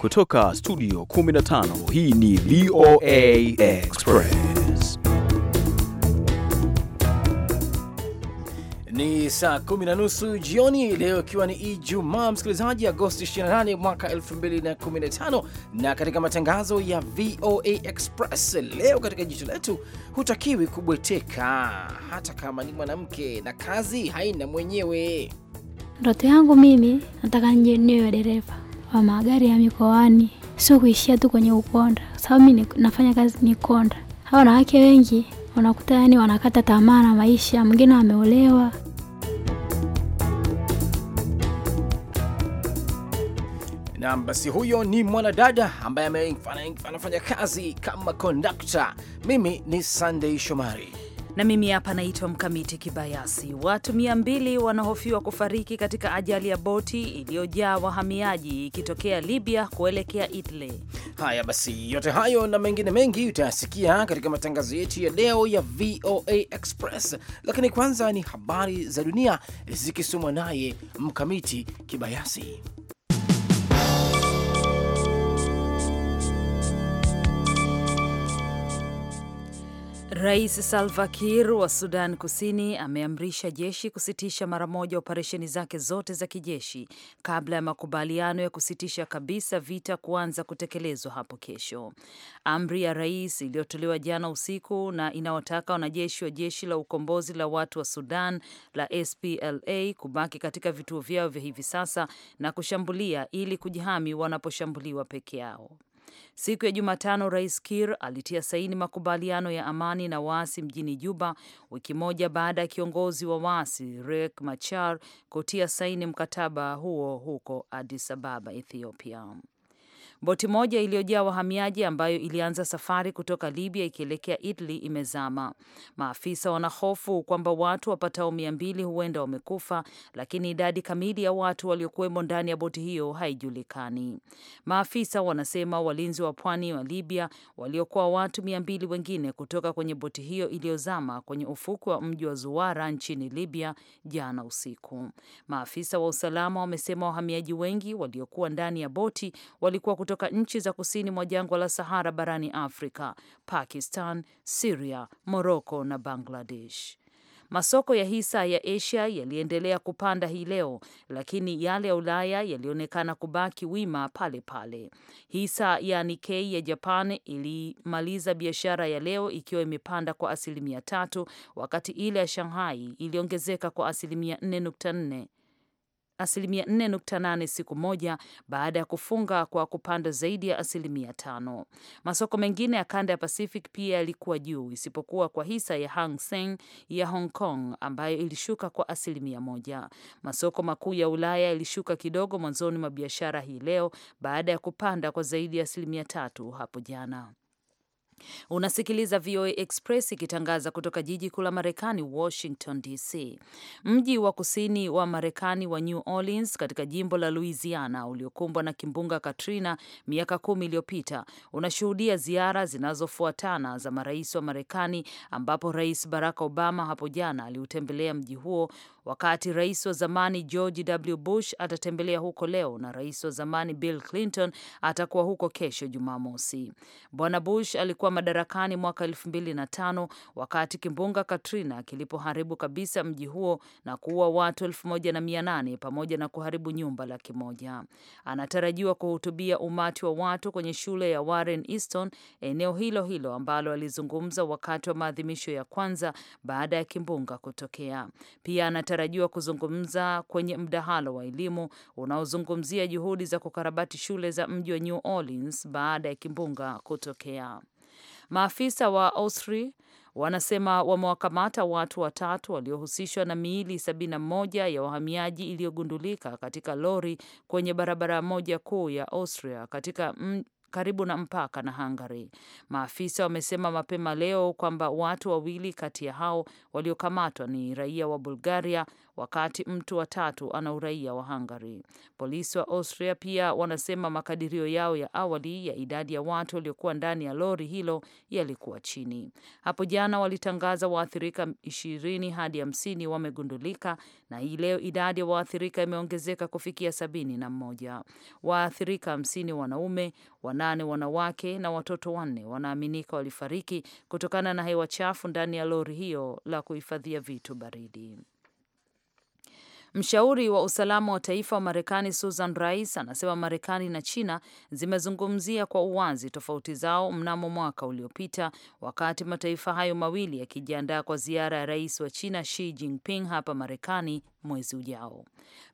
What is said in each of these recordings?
Kutoka studio 15 hii ni VOA Express. Ni saa kumi na nusu jioni leo, ikiwa ni Ijumaa msikilizaji, Agosti 28 mwaka 2015. Na katika matangazo ya VOA Express leo, katika jicho letu, hutakiwi kubweteka hata kama ni mwanamke na kazi haina mwenyewe Ndoto yangu mimi nataka nje niwe dereva wa magari ya mikoani, sio kuishia tu kwenye ukonda, sababu mimi nafanya kazi ni konda. Hao wanawake wengi unakuta yani wanakata tamaa na maisha, mwingine ameolewa. Nam, basi huyo ni mwanadada ambaye anafanya kazi kama kondakta. Mimi ni Sunday Shomari na mimi hapa naitwa Mkamiti Kibayasi. Watu mia mbili wanahofiwa kufariki katika ajali ya boti iliyojaa wahamiaji ikitokea Libya kuelekea Italy. Haya basi, yote hayo na mengine mengi utayasikia katika matangazo yetu ya leo ya VOA Express, lakini kwanza ni habari za dunia zikisomwa naye Mkamiti Kibayasi. Rais Salva Kiir wa Sudan Kusini ameamrisha jeshi kusitisha mara moja operesheni zake zote za kijeshi kabla ya makubaliano ya kusitisha kabisa vita kuanza kutekelezwa hapo kesho. Amri ya rais iliyotolewa jana usiku na inawataka wanajeshi wa jeshi la ukombozi la watu wa Sudan la SPLA kubaki katika vituo vyao vya hivi sasa na kushambulia ili kujihami wanaposhambuliwa peke yao. Siku ya Jumatano, Rais Kir alitia saini makubaliano ya amani na waasi mjini Juba, wiki moja baada ya kiongozi wa waasi Riek Machar kutia saini mkataba huo huko Addis Ababa, Ethiopia. Boti moja iliyojaa wahamiaji ambayo ilianza safari kutoka Libya ikielekea Italy imezama. Maafisa wanahofu kwamba watu wapatao mia mbili huenda wamekufa, lakini idadi kamili ya watu waliokuwemo ndani ya boti hiyo haijulikani. Maafisa wanasema walinzi wa pwani wa Libya waliokoa watu mia mbili wengine kutoka kwenye boti hiyo iliyozama kwenye ufukwe wa mji wa Zuwara nchini Libya jana usiku. Maafisa wa usalama wamesema wahamiaji wengi waliokuwa ndani ya boti walikuwa kutoka nchi za kusini mwa jangwa la Sahara barani Afrika, Pakistan, Siria, Moroko na Bangladesh. Masoko ya hisa ya Asia yaliendelea kupanda hii leo, lakini yale ya Ulaya yalionekana kubaki wima pale pale. Hisa ya Nikkei ya Japan ilimaliza biashara ya leo ikiwa imepanda kwa asilimia tatu, wakati ile ya Shanghai iliongezeka kwa asilimia 4.4 asilimia 4.8 siku moja baada ya kufunga kwa kupanda zaidi ya asilimia tano. Masoko mengine ya kanda ya Pacific pia yalikuwa juu isipokuwa kwa hisa ya Hang Seng ya Hong Kong ambayo ilishuka kwa asilimia moja. Masoko makuu ya Ulaya yalishuka kidogo mwanzoni mwa biashara hii leo baada ya kupanda kwa zaidi ya asilimia tatu hapo jana. Unasikiliza VOA Express ikitangaza kutoka jiji kuu la Marekani, Washington DC. Mji wa kusini wa Marekani wa New Orleans katika jimbo la Louisiana, uliokumbwa na kimbunga Katrina miaka kumi iliyopita, unashuhudia ziara zinazofuatana za marais wa Marekani, ambapo Rais Barack Obama hapo jana aliutembelea mji huo wakati rais wa zamani George W. Bush atatembelea huko leo na rais wa zamani Bill Clinton atakuwa huko kesho Jumamosi. Bwana Bush alikuwa madarakani mwaka elfu mbili na tano wakati kimbunga Katrina kilipoharibu kabisa mji huo na kuua watu elfu moja na mia nane pamoja na kuharibu nyumba laki moja. Anatarajiwa kuhutubia umati wa watu kwenye shule ya Warren Easton, eneo hilo hilo ambalo alizungumza wakati wa maadhimisho ya kwanza baada ya kimbunga kutokea. Pia anata anatarajiwa kuzungumza kwenye mdahalo wa elimu unaozungumzia juhudi za kukarabati shule za mji wa New Orleans baada ya kimbunga kutokea. Maafisa wa austri wanasema wamewakamata watu watatu waliohusishwa na miili 71 ya wahamiaji iliyogundulika katika lori kwenye barabara moja kuu ya Austria katika karibu na mpaka na Hungary. Maafisa wamesema mapema leo kwamba watu wawili kati ya hao waliokamatwa ni raia wa Bulgaria, wakati mtu wa tatu ana uraia wa Hungary. Polisi wa Austria pia wanasema makadirio yao ya awali ya idadi ya watu waliokuwa ndani ya lori hilo yalikuwa chini. Hapo jana walitangaza waathirika ishirini hadi hamsini wamegundulika, na hii leo idadi ya waathirika imeongezeka kufikia sabini na mmoja. Waathirika hamsini wanaume Wanane wanawake na watoto wanne wanaaminika walifariki kutokana na hewa chafu ndani ya lori hiyo la kuhifadhia vitu baridi. Mshauri wa usalama wa taifa wa Marekani Susan Rice anasema Marekani na China zimezungumzia kwa uwazi tofauti zao mnamo mwaka uliopita, wakati mataifa hayo mawili yakijiandaa kwa ziara ya rais wa China Xi Jinping hapa Marekani mwezi ujao.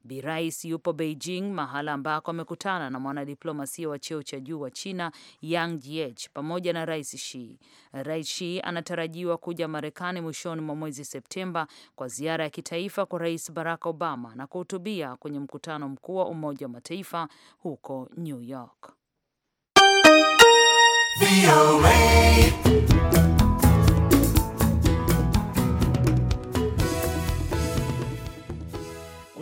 Bi Rais yupo Beijing, mahala ambako amekutana na mwanadiplomasia wa cheo cha juu wa China Yang Jiechi pamoja na Rais Xi. Rais Xi anatarajiwa kuja Marekani mwishoni mwa mwezi Septemba kwa ziara ya kitaifa kwa Rais Barack Obama na kuhutubia kwenye mkutano mkuu wa Umoja wa Mataifa huko New York.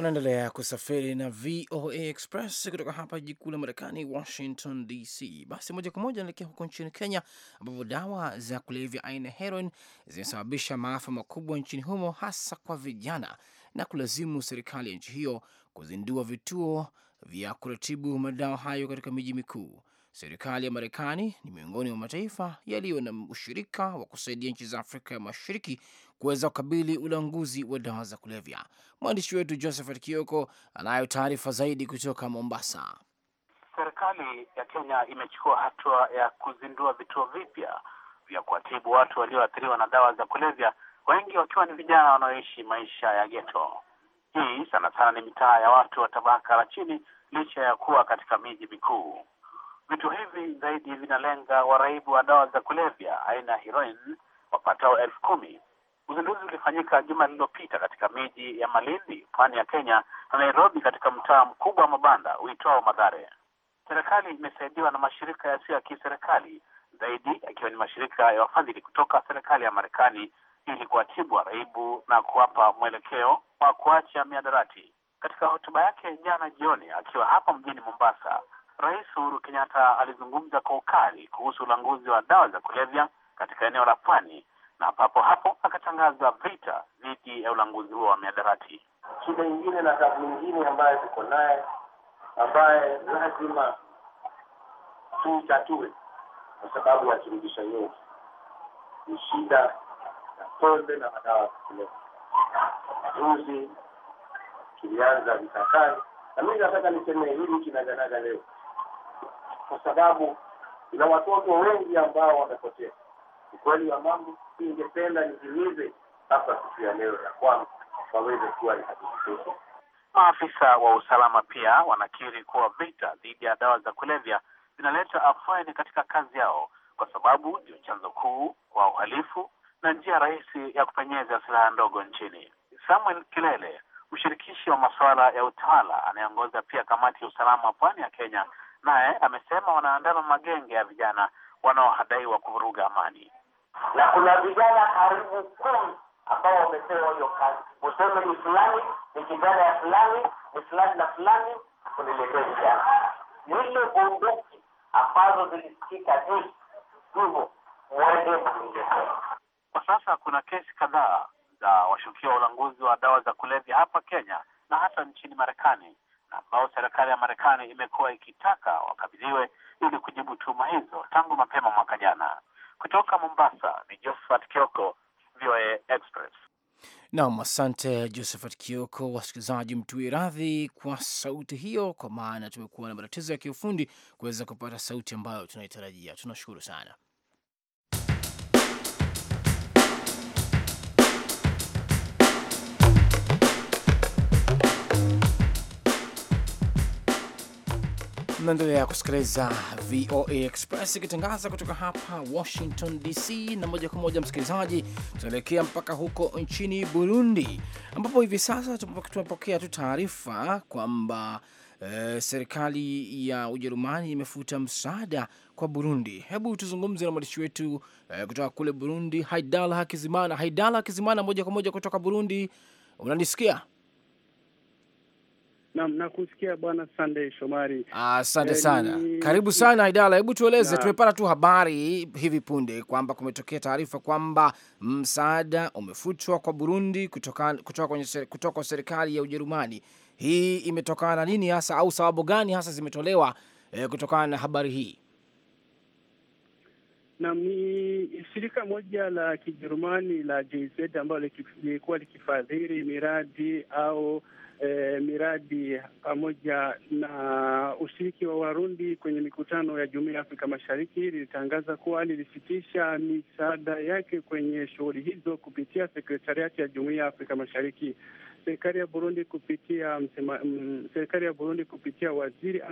Unaendelea kusafiri na VOA Express kutoka hapa jiji kuu la Marekani, Washington DC. Basi moja kwa moja naelekea huko nchini Kenya, ambapo dawa za kulevya aina ya heroin zimesababisha maafa makubwa nchini humo, hasa kwa vijana na kulazimu serikali ya nchi hiyo kuzindua vituo vya kuratibu madawa hayo katika miji mikuu. Serikali ya Marekani ni miongoni mwa mataifa yaliyo na ushirika wa kusaidia nchi za Afrika ya Mashariki kuweza kukabili ulanguzi wa dawa za kulevya. Mwandishi wetu Josephat Kioko anayo taarifa zaidi kutoka Mombasa. Serikali ya Kenya imechukua hatua ya kuzindua vituo vipya vya kuwatibu watu walioathiriwa na dawa za kulevya, wengi wakiwa ni vijana wanaoishi maisha ya geto. Hii sana sana ni mitaa ya watu wa tabaka la chini, licha ya kuwa katika miji mikuu. Vituo hivi zaidi vinalenga waraibu wa dawa za kulevya aina ya heroin wapatao elfu kumi Uzinduzi ulifanyika juma lililopita katika miji ya Malindi, pwani ya Kenya na Nairobi, katika mtaa mkubwa wa mabanda uitwao madhare Serikali imesaidiwa na mashirika yasiyo ya kiserikali zaidi yakiwa ni mashirika ya wafadhili kutoka serikali ya Marekani ili kuwatibu waraibu na kuwapa mwelekeo wa kuacha miadarati. Katika hotuba yake jana jioni akiwa hapa mjini Mombasa, Rais Uhuru Kenyatta alizungumza kwa ukali kuhusu ulanguzi wa dawa za kulevya katika eneo la pwani na papo hapo akatangaza vita dhidi ya ulanguzi huo wa miadarati. Shida nyingine na tabu nyingine ambayo tuko naye ambaye lazima tuitatue kwa sababu ya kirudisha nyingi ni shida ya pombe na madawa ya kulevya. Juzi tulianza vitakali, na mimi nataka niseme hili kinaganaga leo, kwa sababu kuna watoto wengi ambao wamepotea Ukweli wa mambo, ningependa nihimize hapa siku ya leo ya kwamba waweze kuwa Maafisa wa usalama pia wanakiri kuwa vita dhidi ya dawa za kulevya zinaleta afueni katika kazi yao, kwa sababu ndio chanzo kuu wa uhalifu na njia rahisi ya kupenyeza silaha ndogo nchini. Samuel Kilele, mshirikishi wa masuala ya utawala anayeongoza pia kamati ya usalama pwani ya Kenya, naye amesema wanaandama magenge ya vijana wanaohadaiwa kuvuruga amani na kuna vijana karibu kumi ambao wamepewa hiyo kazi, useme ni fulani ni kijana ya fulani ni fulani na fulani, kuniletea vijana. Zile bunduki ambazo zilisikika juzi hivo, mwende Kwa sasa kuna kesi kadhaa za washukiwa wa ulanguzi wa dawa za kulevya hapa Kenya na hata nchini Marekani na ambao serikali ya Marekani imekuwa ikitaka wakabidhiwe ili kujibu tuhuma hizo tangu mapema mwaka jana. Kutoka Mombasa ni Josephat Kioko, VOA Express. Nam, asante Josephat Kioko. Wasikilizaji, mtue radhi kwa sauti hiyo, kwa maana tumekuwa na matatizo ya kiufundi kuweza kupata sauti ambayo tunaitarajia. Tunashukuru sana. Tunaendelea kusikiliza VOA Express ikitangaza kutoka hapa Washington DC, na moja kwa moja msikilizaji, tunaelekea mpaka huko nchini Burundi, ambapo hivi sasa tumepokea tu taarifa kwamba eh, serikali ya Ujerumani imefuta msaada kwa Burundi. Hebu tuzungumze na mwandishi wetu eh, kutoka kule Burundi, Haidala Hakizimana. Haidala Hakizimana, moja kwa moja kutoka Burundi, unanisikia? Naam, nakusikia bwana Sunday Shomari. Asante ah, sana ni... karibu sana Idala, hebu tueleze. Tumepata tu habari hivi punde kwamba kumetokea taarifa kwamba msaada umefutwa kwa Burundi kutoka, kutoka, kwenye, kutoka serikali ya Ujerumani. Hii imetokana na nini hasa au sababu gani hasa zimetolewa eh, kutokana na habari hii? Naam, ni shirika moja la Kijerumani la JZ ambalo lilikuwa likifadhili miradi au e, miradi pamoja na ushiriki wa Warundi kwenye mikutano ya Jumuiya ya Afrika Mashariki lilitangaza kuwa lilisitisha misaada yake kwenye shughuli hizo kupitia sekretariati ya Jumuiya ya Afrika Mashariki. Serikali ya Burundi kupitia msema, mm, serikali ya Burundi kupitia waziri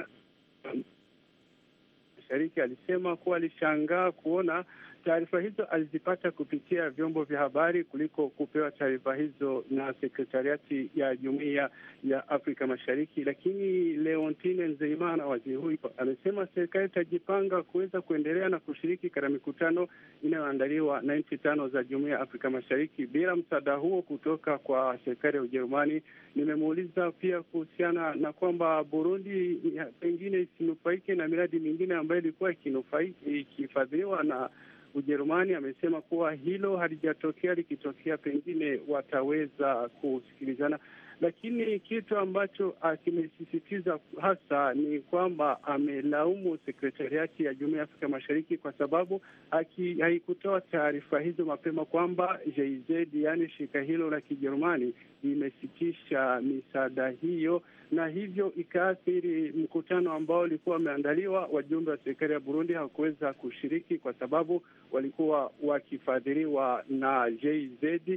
mashariki alisema kuwa alishangaa kuona taarifa hizo alizipata kupitia vyombo vya habari kuliko kupewa taarifa hizo na sekretariati ya jumuiya ya Afrika Mashariki. Lakini Leontine Nzeimana, waziri huyo, amesema serikali itajipanga kuweza kuendelea na kushiriki katika mikutano inayoandaliwa na nchi tano za jumuiya ya Afrika Mashariki bila msaada huo kutoka kwa serikali ya Ujerumani. Nimemuuliza pia kuhusiana na kwamba Burundi pengine isinufaike na miradi mingine ambayo ilikuwa ikifadhiliwa na Ujerumani amesema kuwa hilo halijatokea, likitokea pengine wataweza kusikilizana lakini kitu ambacho ah, kimesisitiza hasa ni kwamba amelaumu sekretariati ya Jumuiya ya Afrika Mashariki kwa sababu haikutoa taarifa hizo mapema kwamba JZ, yaani shirika hilo la Kijerumani, limesitisha misaada hiyo, na hivyo ikaathiri mkutano ambao ulikuwa umeandaliwa. Wajumbe wa serikali ya Burundi hawakuweza kushiriki kwa sababu walikuwa wakifadhiliwa na JZ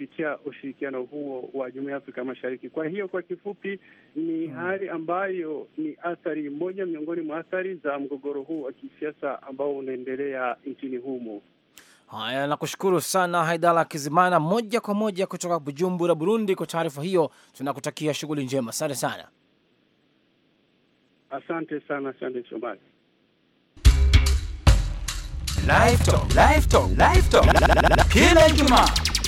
kupitia ushirikiano huo wa Jumuiya ya Afrika Mashariki. Kwa hiyo kwa kifupi, ni hmm. hali ambayo ni athari moja miongoni mwa athari za mgogoro huu wa kisiasa ambao unaendelea nchini humo. Haya, nakushukuru sana Haidala Kizimana, moja kwa moja kutoka Bujumbura, Burundi, kwa taarifa hiyo. Tunakutakia shughuli njema, asante sana. Asante sana, asante Shomari. Kila Ijumaa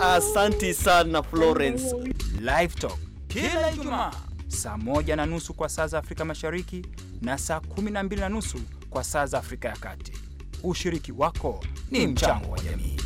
Asanti sana Florence. Live Talk kila Ijumaa saa moja na nusu kwa saa za Afrika Mashariki na saa kumi na mbili na nusu kwa saa za Afrika ya Kati. Ushiriki wako ni mchango wa jamii.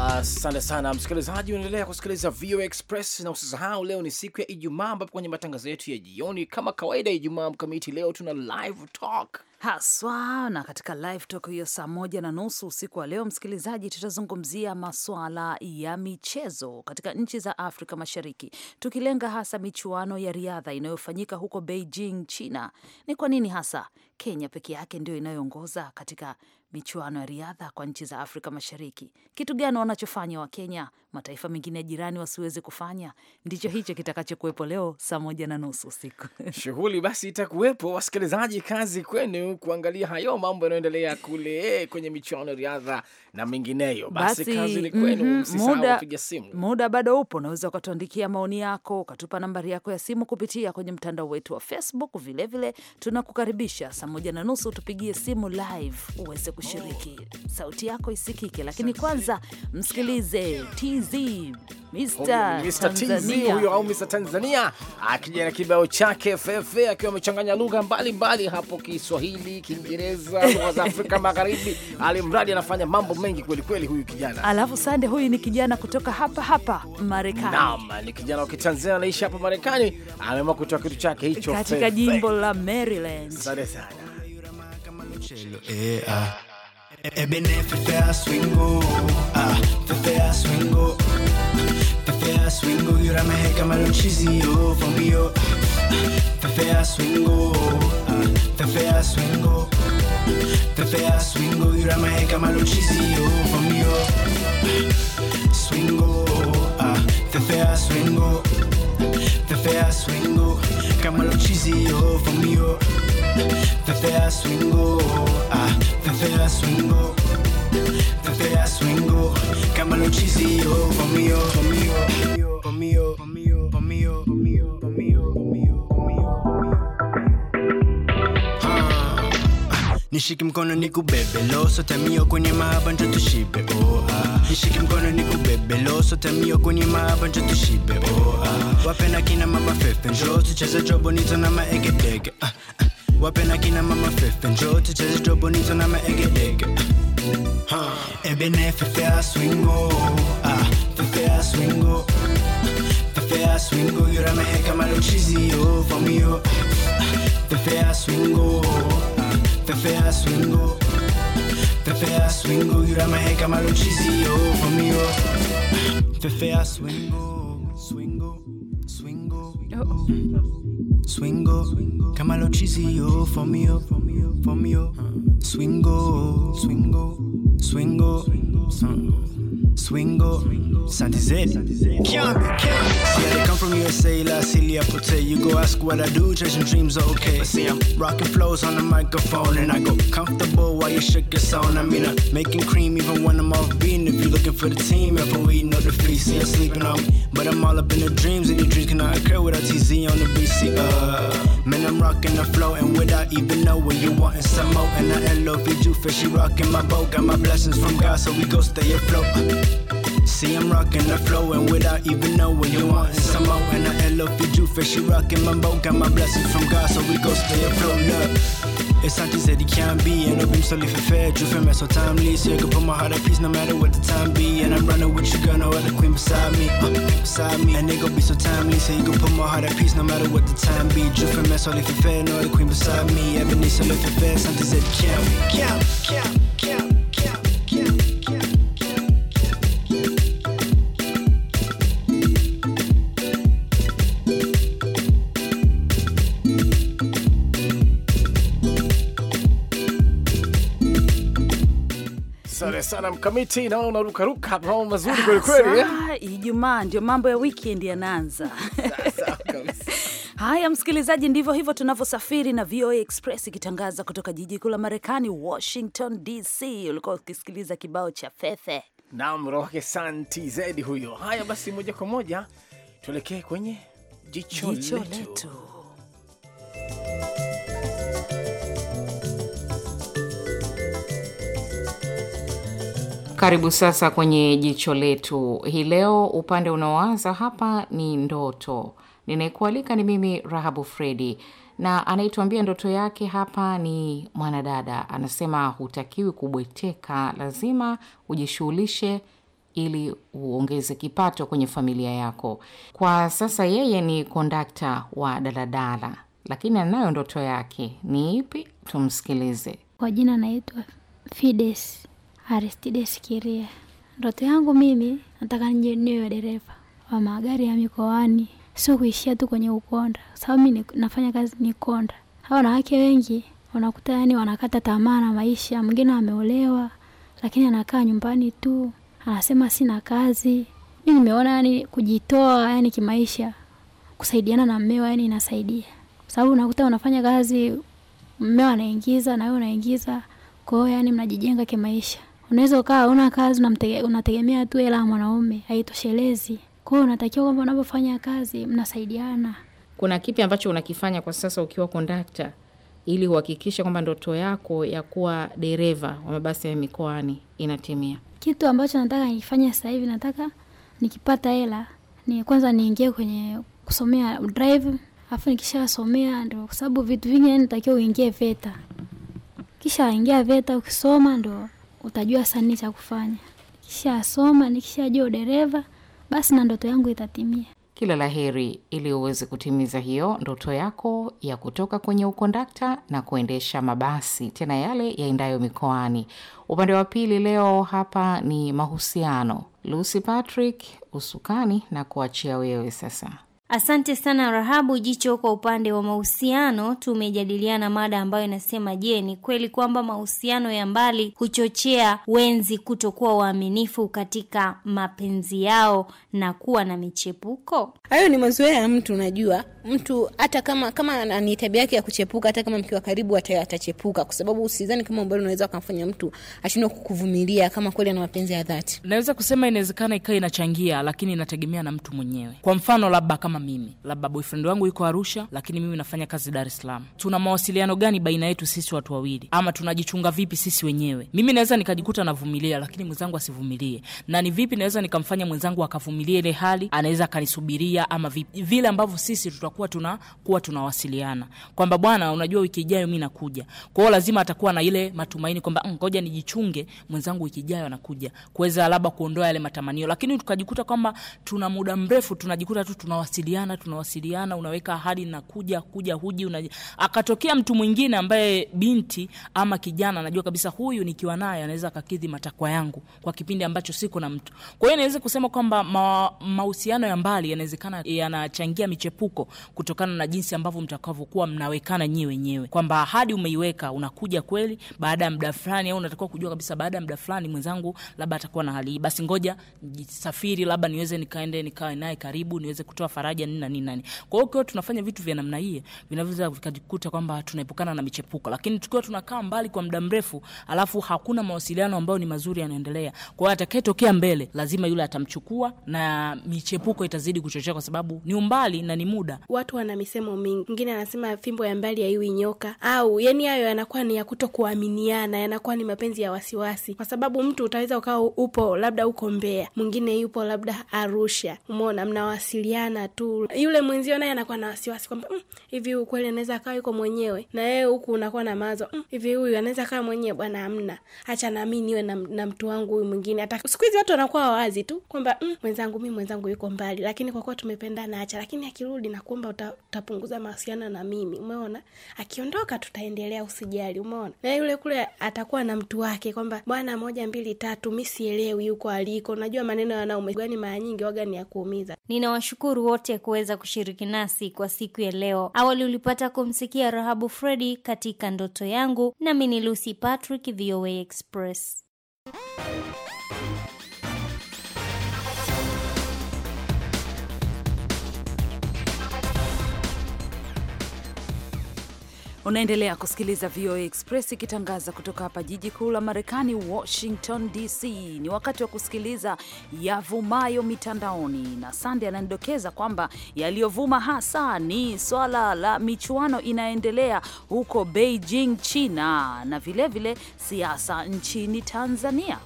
Asante uh, sana msikilizaji, unaendelea kusikiliza VOA Express na usisahau, leo ni siku ya Ijumaa ambapo kwenye matangazo yetu ya jioni kama kawaida ya Ijumaa mkamiti, leo tuna live talk haswa. Na katika live talk hiyo saa moja na nusu usiku wa leo, msikilizaji, tutazungumzia maswala ya michezo katika nchi za Afrika Mashariki, tukilenga hasa michuano ya riadha inayofanyika huko Beijing, China. Ni kwa nini hasa Kenya peke yake ndio inayoongoza katika michuano ya riadha kwa nchi za Afrika Mashariki. Kitu gani wanachofanya Wakenya mataifa mengine ya jirani wasiweze kufanya? Ndicho hicho kitakachokuwepo leo saa moja na nusu usiku. Shughuli basi itakuwepo, wasikilizaji, kazi kwenu kuangalia hayo mambo yanayoendelea kule kwenye michuano ya riadha na mengineyo. Basi, basi kazi ni kwenu. Mm, muda, kupiga simu, muda bado upo, unaweza ukatuandikia maoni yako, ukatupa nambari yako ya simu kupitia kwenye mtandao wetu wa Facebook. Vilevile tunakukaribisha saa moja na nusu tupigie simu live uweze ushiriki, sauti yako isikike. Lakini kwanza msikilize TZ Mr. Tanzania huyo au Mr. Tanzania akija na kibao chake fefe, akiwa amechanganya lugha mbalimbali hapo, Kiswahili, Kiingereza, lugha za Afrika Magharibi. Alimradi anafanya mambo mengi kweli kweli huyu kijana. Alafu sande, huyu ni kijana kutoka hapa hapa Marekani. Naam, ni kijana wa Kitanzania anaishi hapa Marekani, ameamua kutoa kitu chake hicho katika jimbo la Maryland. Asante sana. Eh, ah. Ebene fefea swingo ah, fefea swingo fefea swingo yurame kama luchizio fombio fefea swingo ah, fefea swingo fefea swingo yurame kama luchizio fombio swingo ah, fefea swingo fefea swingo kama luchizio fombio fefea swingo ah, Tante a swingo Tante a swingo Kama lo chizi yo mkono lo sote mio kwenye tushibe oh ah Nishiki mkono nikubebe lo sote mio kwenye mahaba tushibe oh ah Wapenda kina mama fefe njo tucheze jobo nito na maegedege ah wapena kina mama fefe njo ticheze tobonizo na maegedege huh. ebene fefea swingo ah, fefea swingo fefea swingo yurameheka maluchizio vamio fefea swingo ah, fefea swingo fefea swingo yurameheka maluchizio vamio fefea swingo swingo swingo, swingo. Oh. Swingo, Kamalo Chizio, for me, oh, for me, oh, for me, oh. Swingo, Swingo, Swingo, Swingo. Swingo, Santi Z. Yeah, they come from USA, La Cilia Pote. You go ask what I do, chasing dreams are okay. But see, I'm rocking flows on the microphone, and I go comfortable while you shook your sound. I mean, I'm making cream even when I'm off beat. If you're looking for the team, if I'm waiting on the free, see, I'm sleeping on me. But I'm all up in the dreams, and your dreams cannot occur without TZ on the BC. Uh, man, I'm rocking the flow, and without even knowing you wanting some more. And I love you, fishy rocking my boat. Got my blessings from God, so we go stay afloat. Uh, See, I'm rocking the flow and without even knowing you want some more. And I love you, you fresh, you rocking my boat. Got my blessings from God, so we go stay afloat. Look. It's not easy, det kan bli En av så livet fed, You feel me so timely so you can put my heart at peace no matter what the time be And I'm running with you girl, no other queen beside me uh, Beside me, and they gon' be so timely so you can put my heart at peace no matter what the time be Du för mig så livet fed, no other queen beside me Även ni som livet fed, sant det kan can't. kan, sana Mkamiti, naona unarukaruka hapa, mazuri ah, kweli kweli. Eh? Ijumaa ndio mambo ya weekend yanaanza. Haya, msikilizaji, ndivyo hivyo tunavyosafiri na VOA Express ikitangaza kutoka jiji kuu la Marekani, Washington DC. Ulikuwa ukisikiliza kibao cha Fefe nam roke santi zaidi huyo. Haya basi, moja kwa moja tuelekee kwenye jicho letu. Karibu sasa kwenye jicho letu hii leo. Upande unaoanza hapa ni ndoto. Ninayekualika ni mimi Rahabu Fredi, na anayetuambia ndoto yake hapa ni mwanadada. Anasema hutakiwi kubweteka, lazima ujishughulishe ili uongeze kipato kwenye familia yako. Kwa sasa yeye ni kondakta wa daladala, lakini anayo ndoto yake. Ni ipi? Tumsikilize. Kwa jina anaitwa Fides Aristides Kiria. Ndoto yangu mimi nataka nje niwe dereva wa magari ya mikoani, sio kuishia tu kwenye ukonda, sababu mimi nafanya kazi ni konda. Hao wanawake wengi unakuta yani wanakata tamaa na maisha. Mwingine ameolewa lakini anakaa nyumbani tu, anasema sina kazi. Mimi nimeona yani kujitoa yani kimaisha, kusaidiana na mmeo yani inasaidia, sababu unakuta unafanya kazi, mmeo anaingiza na wewe unaingiza, kwa hiyo yani mnajijenga kimaisha unaweza ukawa una kazi unategemea tu hela ya mwanaume, haitoshelezi. Kwa hiyo unatakiwa kwamba unavyofanya kazi mnasaidiana. Kuna kipi ambacho unakifanya kwa sasa ukiwa kondakta ili uhakikishe kwamba ndoto yako ya kuwa dereva wa mabasi ya mikoani inatimia? Kitu ambacho nataka nikifanya sasa hivi, nataka nikipata hela ni kwanza niingie kwenye kusomea drive, alafu nikishasomea ndo, kwa sababu vitu vingi natakiwa uingie VETA, kisha ingia VETA ukisoma ndo utajua sasa nini cha kufanya. Nikishasoma, nikishajua udereva, basi na ndoto yangu itatimia. Kila la heri ili uweze kutimiza hiyo ndoto yako ya kutoka kwenye ukondakta na kuendesha mabasi tena yale yaendayo mikoani. Upande wa pili leo hapa ni mahusiano. Lucy Patrick, usukani na kuachia wewe sasa. Asante sana Rahabu Jicho. Kwa upande wa mahusiano, tumejadiliana mada ambayo inasema, je, ni kweli kwamba mahusiano ya mbali huchochea wenzi kutokuwa waaminifu katika mapenzi yao na kuwa na michepuko? Hayo ni mazoea ya mtu. Unajua, mtu hata kama kama ni tabia yake ya kuchepuka, hata kama mkiwa karibu atachepuka, kwa sababu sidhani kama umbali unaweza ukamfanya mtu ashindwe kukuvumilia kama kweli ana mapenzi ya dhati. Naweza kusema inawezekana ikawa inachangia, lakini inategemea na mtu mwenyewe. Kwa mfano labda kama mimi, labda boyfriend wangu yuko Arusha, lakini mimi nafanya kazi Dar es Salaam, tuna mawasiliano gani baina yetu sisi watu wawili, ama tunajichunga vipi sisi wenyewe? Mimi naweza nikajikuta navumilia, lakini mwenzangu asivumilie, na ni vipi naweza nikamfanya mwenzangu akavumilia ile hali, anaweza akanisubiria ama vipi, vile ambavyo sisi tutakuwa tunakuwa tunawasiliana kwamba bwana, unajua wiki ijayo mi nakuja. Kwa hiyo lazima atakuwa na ile matumaini kwamba mm, ngoja nijichunge, mwenzangu wiki ijayo anakuja, kuweza labda kuondoa yale matamanio, lakini tukajikuta kwamba tuna muda mrefu tunajikuta tu tunawasiliana tunawasiliana tunawasiliana, unaweka ahadi nakuja kuja huji una... Akatokea mtu mwingine ambaye binti ama kijana anajua kabisa huyu nikiwa naye anaweza akakidhi matakwa yangu kwa kipindi ambacho siko na mtu. Kwa hiyo naweza kusema kwamba ma, mahusiano ya mbali yanawezekana yanachangia michepuko kutokana na jinsi ambavyo mtakavyokuwa mnawekana nyie wenyewe, kwamba ahadi umeiweka unakuja kweli baada ya muda fulani, au unatakiwa kujua kabisa baada ya muda fulani mwenzangu labda atakuwa na hali hii, basi ngoja safiri, labda niweze nikaende nikae naye karibu niweze kutoa faraja haja nini na nini nani. Kwa hiyo kwa tunafanya vitu vya namna hii vinaweza vikajikuta kwamba tunaepukana na michepuko, lakini tukiwa tunakaa mbali kwa muda mrefu alafu hakuna mawasiliano ambayo ni mazuri yanaendelea, kwa hiyo atakayetokea mbele lazima yule atamchukua na michepuko itazidi kuchochea, kwa sababu ni umbali na ni muda. Watu wana misemo mingi, mwingine anasema fimbo ya mbali haiwi nyoka, au yani hayo yanakuwa ni ya kutokuaminiana, yanakuwa ni mapenzi ya wasiwasi, kwa sababu mtu utaweza ukao upo labda uko Mbeya, mwingine yupo labda Arusha, umeona mnawasiliana tu tu, yule mwenzio naye anakuwa na wasiwasi kwamba mm, hivi huyu kweli anaweza akawa yuko mwenyewe, na yeye huku unakuwa na mawazo mm, hivi huyu anaweza kawa mwenyewe? Bwana amna, hacha nami niwe na, na mtu wangu huyu mwingine. Hata siku hizi watu wanakuwa wawazi tu kwamba mm, mwenzangu mi mwenzangu yuko mbali, lakini kwakuwa tumependana hacha, lakini akirudi nakuomba uta, utapunguza mahusiano na mimi, umeona? Akiondoka tutaendelea, usijali, umeona? Na yule kule atakuwa na mtu wake kwamba bwana, moja mbili tatu, mi sielewi yuko aliko. Unajua maneno yanaume gani mara nyingi waga ni ya kuumiza. Ninawashukuru wote asante kuweza kushiriki nasi kwa siku ya leo. Awali ulipata kumsikia Rahabu Fredi katika ndoto yangu, nami ni Lucy Patrick, VOA Express. Unaendelea kusikiliza VOA Express ikitangaza kutoka hapa jiji kuu la Marekani, Washington DC. Ni wakati wa kusikiliza yavumayo mitandaoni, na Sande ananidokeza kwamba yaliyovuma hasa ni swala la michuano inayoendelea huko Beijing, China, na vilevile siasa nchini Tanzania.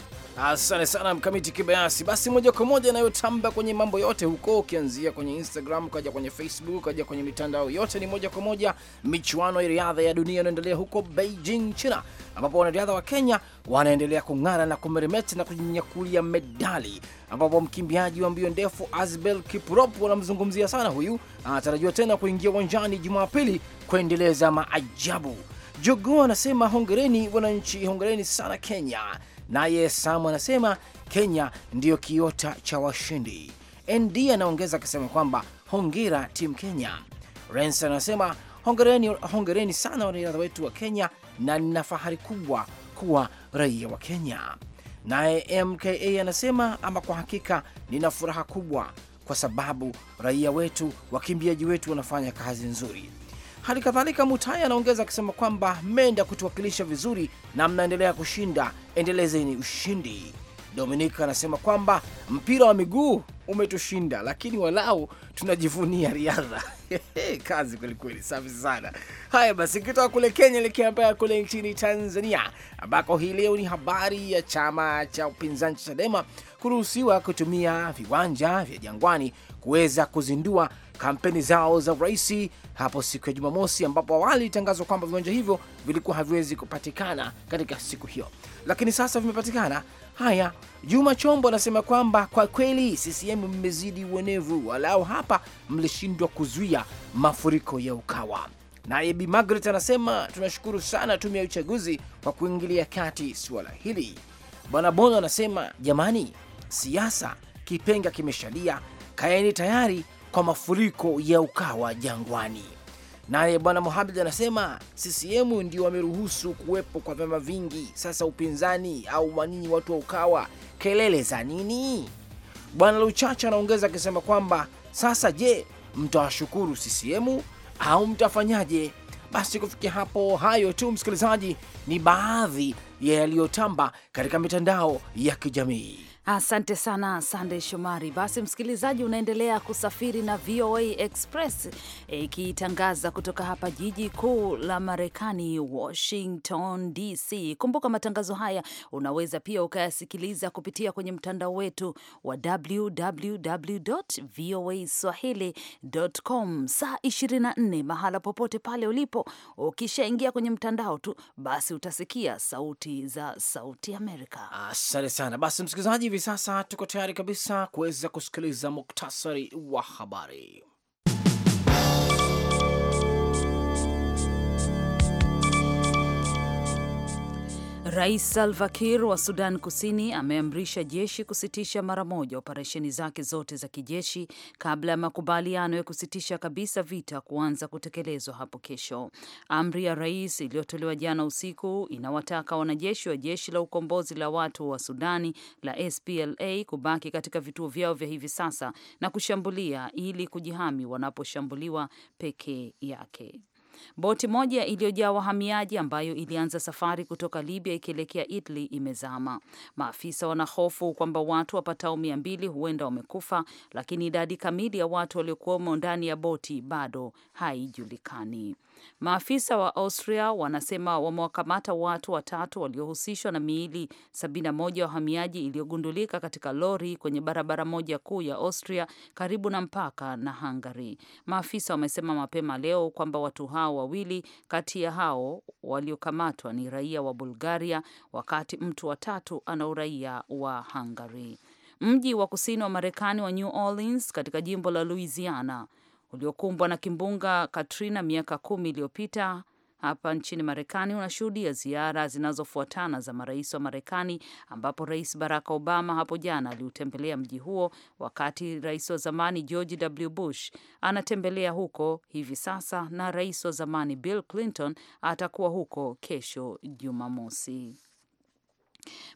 Asante sana Mkamiti Kibayasi. Basi moja kwa moja inayotamba kwenye mambo yote huko, ukianzia kwenye Instagram ukaja kwenye Facebook ukaja kwenye mitandao yote, ni moja kwa moja michuano ya riadha ya dunia inaendelea huko Beijing, China, ambapo wanariadha wa Kenya wanaendelea kung'ara na kumeremeti na kujinyakulia medali, ambapo mkimbiaji wa mbio ndefu Asbel Kiprop wanamzungumzia sana huyu, anatarajiwa tena kuingia uwanjani Jumapili kuendeleza maajabu. jogo anasema hongereni wananchi, hongereni sana Kenya. Naye Sam anasema Kenya ndiyo kiota cha washindi. ND anaongeza akisema kwamba hongera timu Kenya. Rens anasema hongereni, hongereni sana wanariadha wetu wa Kenya, na nina fahari kubwa kuwa raia wa Kenya. Naye Mka anasema ama kwa hakika nina furaha kubwa kwa sababu raia wetu wakimbiaji wetu wanafanya kazi nzuri. Hali kadhalika mutai anaongeza akisema kwamba mmeenda kutuwakilisha vizuri na mnaendelea kushinda, endelezeni ushindi. Dominika anasema kwamba mpira wa miguu umetushinda, lakini walau tunajivunia riadha. Kazi kwelikweli, safi sana. Haya basi, kitoka kule Kenya likiambaya kule nchini Tanzania, ambako hii leo ni habari ya chama cha upinzani cha Chadema kuruhusiwa kutumia viwanja vya Jangwani kuweza kuzindua kampeni zao za uraisi hapo siku ya Jumamosi, ambapo awali ilitangazwa kwamba viwanja hivyo vilikuwa haviwezi kupatikana katika siku hiyo, lakini sasa vimepatikana. Haya, Juma Chombo anasema kwamba kwa kweli CCM mmezidi uonevu, walau hapa mlishindwa kuzuia mafuriko ya Ukawa. Naye Bi Margaret anasema tunashukuru sana tume ya uchaguzi kwa kuingilia kati suala hili. Bwana Bono anasema jamani, siasa kipenga kimeshalia, kaeni tayari kwa mafuriko ya Ukawa Jangwani. Naye bwana Mohamed anasema CCM ndio wameruhusu kuwepo kwa vyama vingi, sasa upinzani au manini? Watu wa Ukawa kelele za nini? Bwana Luchacha anaongeza akisema kwamba sasa, je, mtawashukuru CCM au mtafanyaje? Basi kufikia hapo, hayo tu msikilizaji, ni baadhi ya yaliyotamba katika mitandao ya kijamii. Asante sana Sandey Shomari. Basi msikilizaji, unaendelea kusafiri na VOA Express eh, ikitangaza e, kutoka hapa jiji kuu la Marekani, Washington DC. Kumbuka matangazo haya unaweza pia ukayasikiliza kupitia kwenye mtandao wetu wa www voa swahili.com saa 24 mahala popote pale ulipo. Ukishaingia kwenye mtandao tu, basi utasikia sauti za Sauti Amerika. Asante sana. Basi msikilizaji hivi sasa tuko tayari kabisa kuweza kusikiliza muktasari wa habari. Rais Salva Kiir wa Sudan Kusini ameamrisha jeshi kusitisha mara moja operesheni zake zote za kijeshi kabla ya makubaliano ya kusitisha kabisa vita kuanza kutekelezwa hapo kesho. Amri ya rais iliyotolewa jana usiku inawataka wanajeshi wa jeshi la ukombozi la watu wa Sudani la SPLA kubaki katika vituo vyao vya hivi sasa na kushambulia ili kujihami wanaposhambuliwa peke yake. Boti moja iliyojaa wahamiaji ambayo ilianza safari kutoka Libya ikielekea Italy imezama. Maafisa wanahofu kwamba watu wapatao mia mbili huenda wamekufa, lakini idadi kamili ya watu waliokuwemo ndani ya boti bado haijulikani. Maafisa wa Austria wanasema wamewakamata watu watatu waliohusishwa na miili 71 ya wahamiaji iliyogundulika katika lori kwenye barabara moja kuu ya Austria karibu na mpaka na Hungary. Maafisa wamesema mapema leo kwamba watu hao wawili kati ya hao waliokamatwa ni raia wa Bulgaria, wakati mtu watatu ana uraia wa Hungary. Mji wa kusini wa Marekani wa New Orleans katika jimbo la Louisiana uliokumbwa na kimbunga Katrina miaka kumi iliyopita hapa nchini Marekani unashuhudia ziara zinazofuatana za marais wa Marekani, ambapo Rais Barack Obama hapo jana aliutembelea mji huo, wakati rais wa zamani George W. Bush anatembelea huko hivi sasa, na rais wa zamani Bill Clinton atakuwa huko kesho Jumamosi.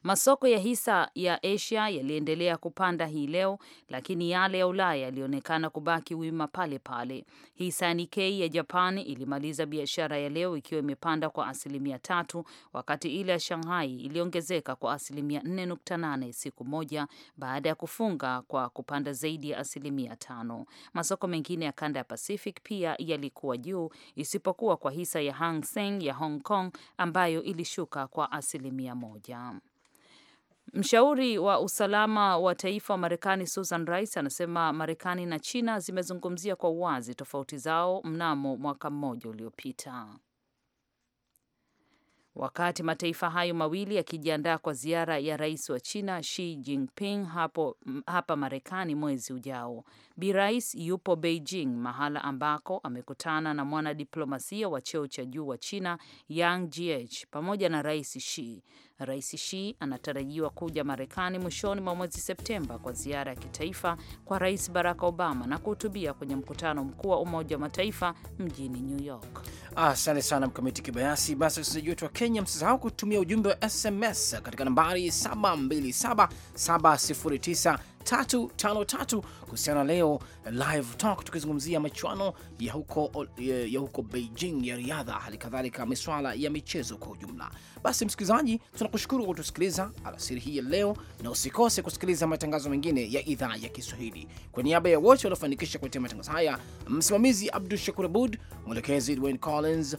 Masoko ya hisa ya Asia yaliendelea kupanda hii leo, lakini yale ya Ulaya yalionekana kubaki wima pale pale. Hisa ya Nikkei ya Japan ilimaliza biashara ya leo ikiwa imepanda kwa asilimia tatu, wakati ile ya Shanghai iliongezeka kwa asilimia 4.8 siku moja baada ya kufunga kwa kupanda zaidi ya asilimia tano. Masoko mengine ya kanda ya Pacific pia yalikuwa juu isipokuwa kwa hisa ya Hang Seng ya Hong Kong ambayo ilishuka kwa asilimia moja. Mshauri wa usalama wa taifa wa Marekani Susan Rice anasema Marekani na China zimezungumzia kwa uwazi tofauti zao mnamo mwaka mmoja uliopita. Wakati mataifa hayo mawili yakijiandaa kwa ziara ya rais wa China Xi Jinping hapo, hapa Marekani mwezi ujao, Bi Rais yupo Beijing, mahala ambako amekutana na mwanadiplomasia wa cheo cha juu wa China Yang Jiechi pamoja na Rais Xi. Rais Xi anatarajiwa kuja Marekani mwishoni mwa mwezi Septemba kwa ziara ya kitaifa kwa Rais Barack Obama na kuhutubia kwenye mkutano mkuu wa Umoja wa Mataifa mjini New York. Asante ah, sana Mkamiti Kibayasi. Basi wasikilizaji wetu wa Kenya, msisahau kutumia ujumbe wa SMS katika nambari 727 353 kuhusiana leo live talk, tukizungumzia machuano ya huko, ya huko Beijing ya riadha, hali kadhalika miswala ya michezo kwa ujumla. Basi msikilizaji, tunakushukuru kwa kutusikiliza alasiri hii ya leo, na usikose kusikiliza matangazo mengine ya idhaa ya Kiswahili. Kwa niaba ya wote waliofanikisha kuletea matangazo haya, msimamizi Abdu Shakur Abud, mwelekezi Edwin Collins,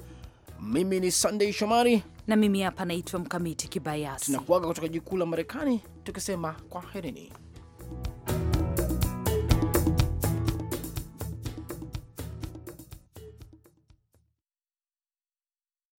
mimi ni Sunday Shomari na mimi hapa naitwa Mkamiti Kibayasi. Tunakuaga kutoka jikuu la Marekani tukisema kwaherini.